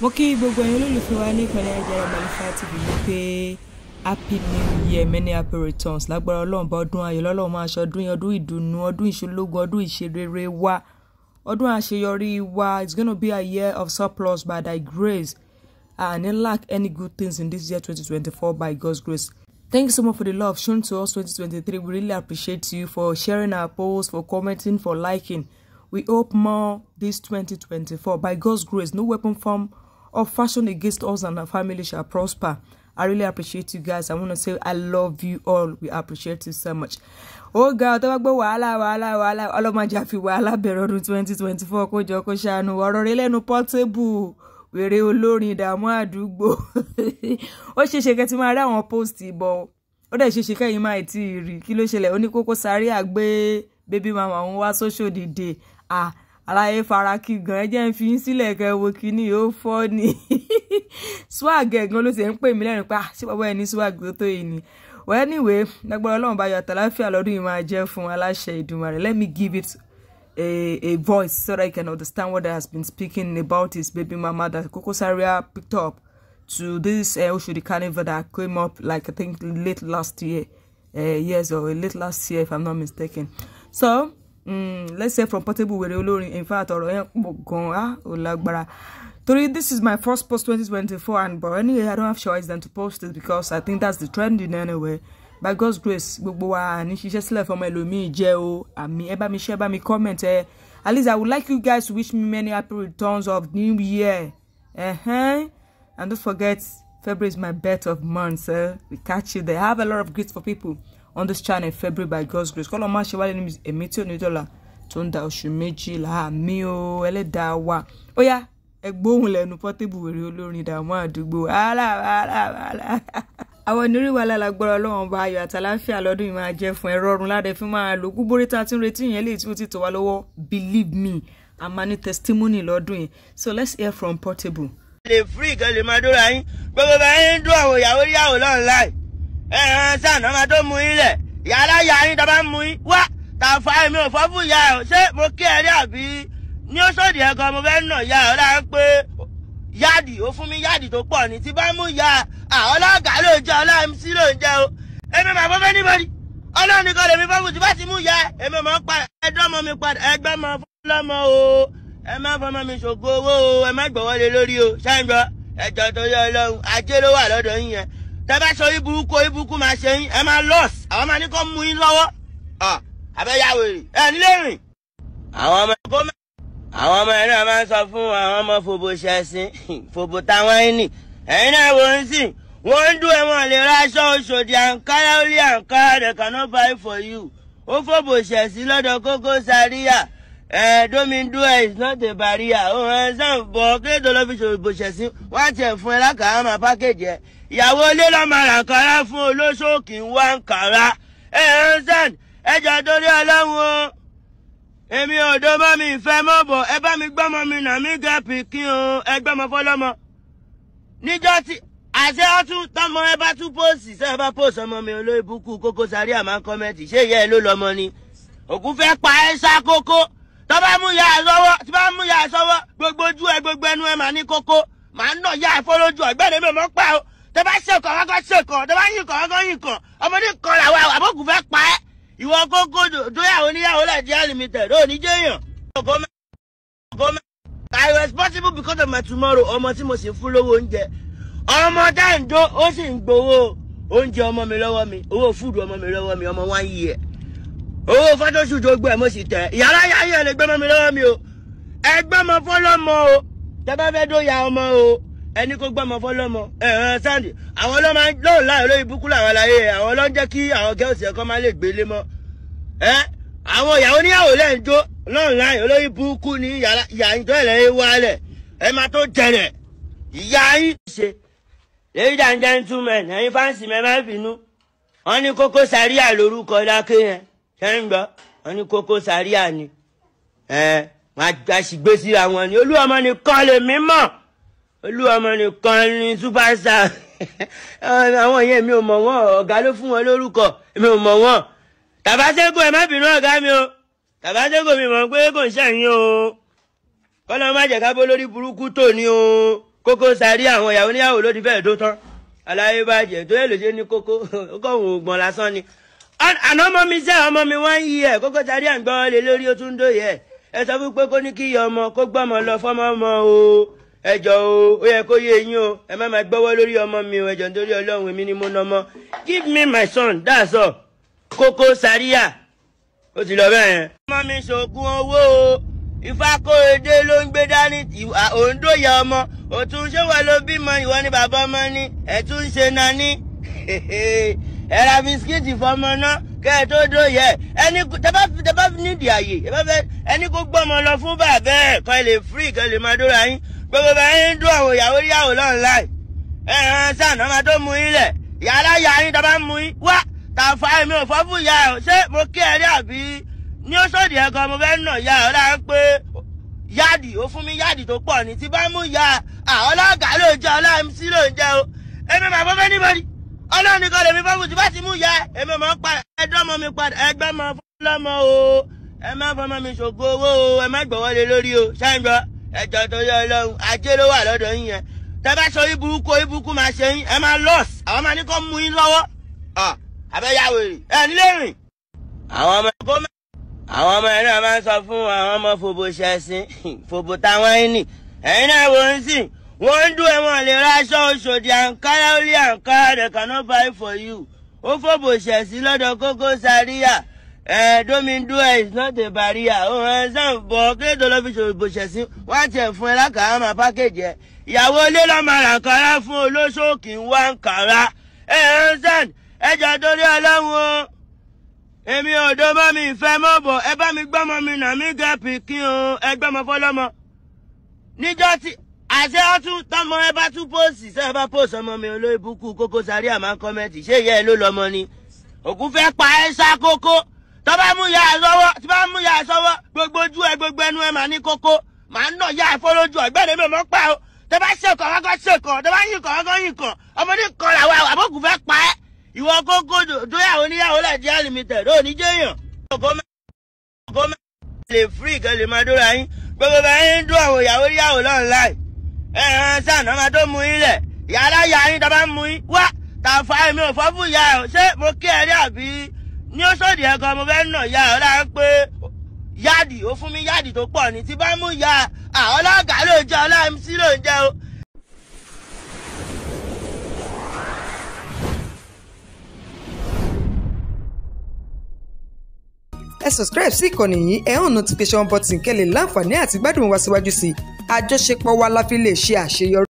mo kí gbogbo ẹ̀yin olólùfẹ́ wa ní ìpínlẹ̀ Nigeria Gbalẹ̀fà TV wípé happy new year many happy returns lágbára ọlọ́run bá ọdún ayọ̀ lọ́lọ́run máa ṣe ọdún ọdún ìdùnnú ọdún ìṣológun ọdún ìṣerere wa ọdún àṣeyọrí wa it's gonna be a year of surplus by thy grace and in lack any good things in this year 2024 by God's grace. Thank you so much for the love shown to us 2023. We really appreciate you for sharing our posts, for commenting, for liking. We hope more this 2024. By God's grace, no weapon formed of fashion against us and our family shall prosper. I really appreciate you guys. I want to say I love you all. We appreciate you so much. Oh God, ọ tó wala. gbọ́ wala wàhálà wàhálà ọlọ́mọdé àfi wàhálà bẹ̀rẹ̀ ọdún twenty twenty four kó jọ kó ṣàánú ọ̀rọ̀ rẹ lẹ́nu pọ́tébù wèrè olórin ìdààmú àdúgbò ó ṣeéṣe kẹ́ ti máa rí àwọn post ìbọn ó dẹ̀ ṣeéṣe kẹ́yìn máa tí ì rí kí ló ṣẹlẹ̀ oníkókó sáré àgbé bébí màmá òun wá social dìde ah aráyé fara kí gan ẹ jẹ́ ń fi yín sílẹ̀ wo kínní yóò fọ́ ni swag ẹ̀gbọ́n ló ṣe ń pè mí lẹ́rìn pé ah, ṣé bàbá ẹ̀ ní swag tó tó yìí ni well anyway lágbára ọlọ́run bá yọ àtàláfíà lọ́dún yìí máa jẹ́ fún aláṣẹ Èdùmàrè let me give it a a voice so that you can understand what I has been speaking about his baby mama that Koko Saria picked up to this uh, carnival that came up like I think late last year uh, eh, yes or late last year if I'm not mistaken so mm, let's say from Portable wèrè olórin in fact ọ̀rọ̀ yẹn pọ̀ gan Ah, ó lágbára torí this is my first post 2024 and but anyway I don't have choice than to post it because I think that's the trend in anyway by God's grace gbogbo wa àní ṣiṣẹ́ sílẹ̀ fọmọ ẹlòmíì jẹ́ o àmì ẹ bá mi share ẹ bá mi comment ẹ at least I would like you guys to wish me many happy returns of new year uh-huh. and don't forget February is my birth of month so eh? we catch you there I have a lot of gifts for people on this channel in February by God's grace Call má ṣe wá lẹ́nu èmi tí ò ní dọ́là tó ń da oṣù méjìlá àmì o ẹlẹ́dàá wa ó yá ẹ gbóhùn lẹ́nu Portable wèrè olórin ìdààmú àdúgbò Ala, wàhálà wàhálà àwọn onírú wa lálágbára ọlọ́run bá ayọ̀ àtàláfíà lọ́dún yìí máa jẹ́ fún ẹ rọrùn ládẹ fi máa lò gbúgbórí tá a ti ń retí yẹn léyìí tí ó ti tọ̀ wá lọ́wọ́ believe me a máa ní testimony lọ́dún yìí so let's hear from Portable. lè fún ìkànnì máa dúró ayín gbogbo bá yín dún àwọn ìyàwó yàwó náà láì ẹran sànà máa tó mú yín lẹ̀ yàrá yàrá yín tá bá ń mú yín wá tàfà èmi ò fọ́ fún ìyá ẹ̀ ṣé mo kí ẹ rí àbí ní ó sòdì ẹ̀kan mo fẹ́ nà ìyá ẹ̀ ọ̀la pé yáàdì ó fún mi yáàdì tó pọ̀ ní tí bá mú ìyá ọlọ́ọ̀gá ló jẹ́ ọlá MC ló ń jẹ́ o èmi màá fọ́ fẹ́ níbọ̀dì ọlọ́ọ̀ni kan lèmi fọ́ fún tí bá ti mú ìyá èmi mọ̀ pa ẹ̀dọ́mọ mi padà ẹgbẹ́ mọ fọlọ́mọ o ẹ má fọmọ mi ṣògo owó o ẹ má gbọ́wọ́ lé lórí o ṣáà ń gbọ́ ẹjọ́ tó yọ ọlọ́run ajé ló wà lọ́dọ̀ yín yẹn tẹ bá sọ ibùkún ibùkún máa ṣe yín ẹ máa lọ́ọ̀sì àwọn máa ní kó mú yín lọ́wọ́ àbẹ̀yàwó ẹ̀ ń lè rìn. àwọn ọmọ ẹ̀kọ́ mẹ́rin àwọn ọmọ ẹ̀ náà máa ń sọ fún àwọn ọmọ fòbò ṣẹ̀sìn fòbò táwọn ẹ̀ nì ẹ̀yin náà wò ń sìn wọ́n ń dún ẹ̀wọ̀n lè ra Òṣòdì àǹkárá ó àǹkárá they cannot buy for you ó fòbò ṣẹ̀sìn lọ́dọ̀ Koko Zaria ẹ eh, domindua eh, is not a barrier òun ẹ sáà bọ kílódé ló fi ṣòwò ìbòṣẹ̀sí wọ́n á tiẹ̀ fún ẹ lákàámà pákéjì ẹ ìyàwó ilé lọ́mọ àràǹkárá fún olóṣòkì ń wá ń kàrá eh, ẹ ẹ sàn ẹjọ́ torí ọlọ́run o èmi ò dó bá mi ìfẹ́ mọ́ bọ̀ ẹ bá mi gbọ́mọ mi nà mí gẹ̀ pìkín o ẹ gbọ́mọ fọlọ́mọ níjọ́ tí àṣẹ ọtún tọmọ ẹ bá tún póòsì ṣé ẹ bá póòsì ọmọ mi olóyìnbó kú kókó sáré àmà kọ́mẹ́tì ṣé ìyá ẹ ló lọ́mọ ni òkú fẹ́ pa ẹ́ sá kókó tó bá mú ya ẹ sọ́wọ́ bá mú ya ẹ gbogbo ojú ẹ gbogbo ẹnu ẹ mà ní kókó màá nà ya ẹ fọlójú ọ̀gbẹ́ni mi mọ́ pa o tó bá ṣèkọ̀ wọn kọ́ tó bá yìnkọ̀ wọn kọ́ yìnkọ̀ ọmọdé kan làwọn àbókùn fẹ́ pa ẹ́ ìwọ kókó dóyàwó níyàwó láti unlimited ò ní jẹ́yàn. I was responsible because of my tomorrow ọmọ tí mo sì fún lówó oúnjẹ ọmọ tá à ń jó ó sì ń gbowó oúnjẹ ọmọ mi lọ́wọ́ mi owó fúdù ọmọ mi lọ́wọ́ mi ọmọ one year owó fọ́tọ̀ṣù tó gbọ́ ẹ̀ mo sì tẹ̀ ìyára yáyà lè gbọ́mọ mi lọ́wọ́ mi o ẹ gbọ́mọ fọ́lọ́mọ o tẹ́ bá fẹ́ dóya ọmọ o ẹni kó gbọ́mọ fọ́lọ́mọ ẹ̀hán sáǹdì àwọn ọlọ́mọ lóun láàrin lórí ibùkún làwọn aláyé àwọn ọlọ́ ń jẹ́ kí àwọn gẹ́ọ̀sì ẹ̀kọ́ máa lè gbélé mọ́ ẹ́ àwọn ìyàwó níyàwó lẹ́ ń jó lọ́run láàrin olórí ni ní ìyá ìjọ ilẹ̀ yìí wálẹ̀ ẹ máa tó jẹrẹ̀ ìyá yìí. ṣe ladies and gentlemen ẹ̀yin fáǹsì mẹ́fà bínú wọ́n ní Koko Zaria lórúkọ dákẹ́ yẹn kẹ́ńgbọ́ wọn ní kókó sáríà ni wọn àṣìgbé síra wọn ni olúwọmọ nìkan lè mí mọ̀ olúwọmọ nìkan ni superstar àwọn yẹn mi ò mọ̀ wọ́n ọ̀gá ló fún wọn lórúkọ mi ò mọ̀ wọ́n tàbátẹ́kù ẹ̀ má bínú ọ̀gá mi o tàbátẹ́kù mi mọ̀ pé kò ń ṣẹ̀yìn o kọ́nà má jẹ́ ká bó lórí burúkú tò ní o kókó sárí àwọn ìyàwó níyàwó ló ti fẹ́ẹ̀ dó tán aláyé bàjẹ́ tó yẹ lè ní kókó ó kọ̀ òun ògbọ̀n lásán ni àná ọmọ mi sẹ́ ọmọ mi wọ́n yí ẹ̀ kókó sáré à ń lórí ó tún ẹ sọ fún pé kó ní kí iye ọmọ kó gbọ́mọ lọ fọ́mọ ọmọ o ẹjọ o ó yẹ kó yé yín o ẹ má máa gbọ́wọ́ lórí ọmọ mi o ẹjọ nítorí ọlọ́run èmi ni mo ná ọmọ give me my son that's all kókó sáríà ó ti lọ bẹ́ẹ̀ yẹn. ọmọ mi ṣògùn owó o ìfakóredé ló ń gbé dání òǹdóyà ọmọ òtún ṣé wà ló bímọ ìwọ ni bàbá ọmọ ni ẹ̀ tún ṣe nání. ẹ ra bisikíìtì fọmọ náà kẹ́ ẹ tó dóyè ẹni tẹ́ bá nídìí àyè ẹni kó gbọ́mọ lọ fún bàbá ẹ̀ kọ́ ẹ lè fírì kẹ́ ẹ lè máa dóra yín gbogbo bá yín dún àwọn ìyàwó yàwó lọ́n láì ẹ ẹ sàn náà máa tó mú yín lẹ̀ yàrá yà yín tẹ́ bá ń mú yín wá tàfà mi ò fọ́ fún ìyá ẹ̀ ṣé mo kí ẹ rí àbí ní ó sòdì ẹ̀kan mo fẹ́ nà ìyá ẹ̀ ọ̀la ń pé yáàdì ó fún mi yáàdì tó pọ̀ ní ti bá mú ìyá ọlọ́gàá ló jẹ́ ọlọ́run nìkan lèmi fẹ́ fún ti bá ti mú ìyá èmi mọ̀ ń padà ẹjọ́ mọ́ mi padà ẹgbẹ́ mọ́ fúnlọ́mọ o ẹ má fọmọ mi ṣògo owó o ẹ má gbọ̀wọ́ lé lórí o ṣáàjọ ẹjọ́ tó yẹ ọlọ́run ajé ló wà lọ́dọ̀ yín yẹn tẹ́bá sọ ibùkú ibùkú máa ṣe yín ẹ máa lọ́ọ̀s àwọn máa ní kó mú yín lọ́wọ́ àbẹ́yàwó rè ẹ nílé rìn àwọn ọmọ ẹ̀kọ́ mẹ́. àwọn ọmọ ẹ̀ máa ń sọ fún àwọn ọmọ fòbò fòbò táwọn ẹ̀ nì ẹ̀yin náà wò ń sìn Wọ́n dún ẹ̀wọ̀n lè ra aṣọ Oṣòdì àǹkárá ó lé àǹkárá they cannot buy for you. Ó fòbò ṣẹ̀sí lọ́dọ̀ Kókó Zaria. Domindua is not a barrier. Ó hàn sàn bọ̀ kéde ló fi ṣòbò ṣẹ̀sí. Wọ́n á tiẹ̀ fún ẹ lákàámà pákéjì ẹ̀. Ìyàwó ilé lọ́mọ àǹkárá fún olóṣòkì ń wá àǹkárá. Ẹ hàn sàn ẹjọ́ torí ọlọ́run o. Èmi ò dó mọ́ mi ìfẹ́ mọ́ bọ̀. Ẹ bá mi gbọ́mọ mi nà mí gẹ̀ pìkín o. Ẹ gbọ́mọ fọlọ́mọ. Níjọ́ tí àṣẹ ọtún tọmọ ẹ bá tún póòsì ṣe ẹ bá póòsì ọmọ mi olóyè búkú Koko Zaria máa ń kọ́mẹ́ǹtì ṣé ìyá ẹ ló lọmọ ni òkú fẹ́ pa ẹ ṣá kókó tó mú ya ẹ sọ́wọ́ mú ya ẹ gbogbo ojú ẹ gbogbo ẹnu ẹ máa ní kókó máa nà ya ẹ fọlójú ọ̀gbẹ́ni mi mọ́ pa o tó ṣe kàn wákọ́ ṣe kàn tó bá yìn kàn wákọ́ yìn kàn ọmọdé kan làwọn àbókù fẹ́ pa ẹ ìwọ Koko dóyàwó níyàwó Nàìjíríà limited ò ní jẹ́yàn. ọgọ́mẹ́rin lè fún ìkànnì máa yín gbogbo bá yín dún àwọn ìyàwó níyàwó náà láì ẹ̀ràn sànà máa tó mu yín lẹ̀ yàrá ya tó bá mu yín wá tàfà èmi ò fọ́ fún ìyá ẹ̀ ṣé mo kí ẹ rí àbí ní ó sòdì mo fẹ́ nà ìyá ọ̀la ń pé yáàdì ó fún mi yáàdì tó pọ̀ ní tí bá mú ìyá àwọn ọlọ́gàá ló jẹ́ ọlá MC ló ń jẹ́ o. ẹ subscribe sí ìkànnì yìí ẹ hàn notification button kẹ́ lè láǹfààní àti gbádùn wa síwájú sí i àjọṣepọ̀ wa la fi lè ṣe àṣeyọrí.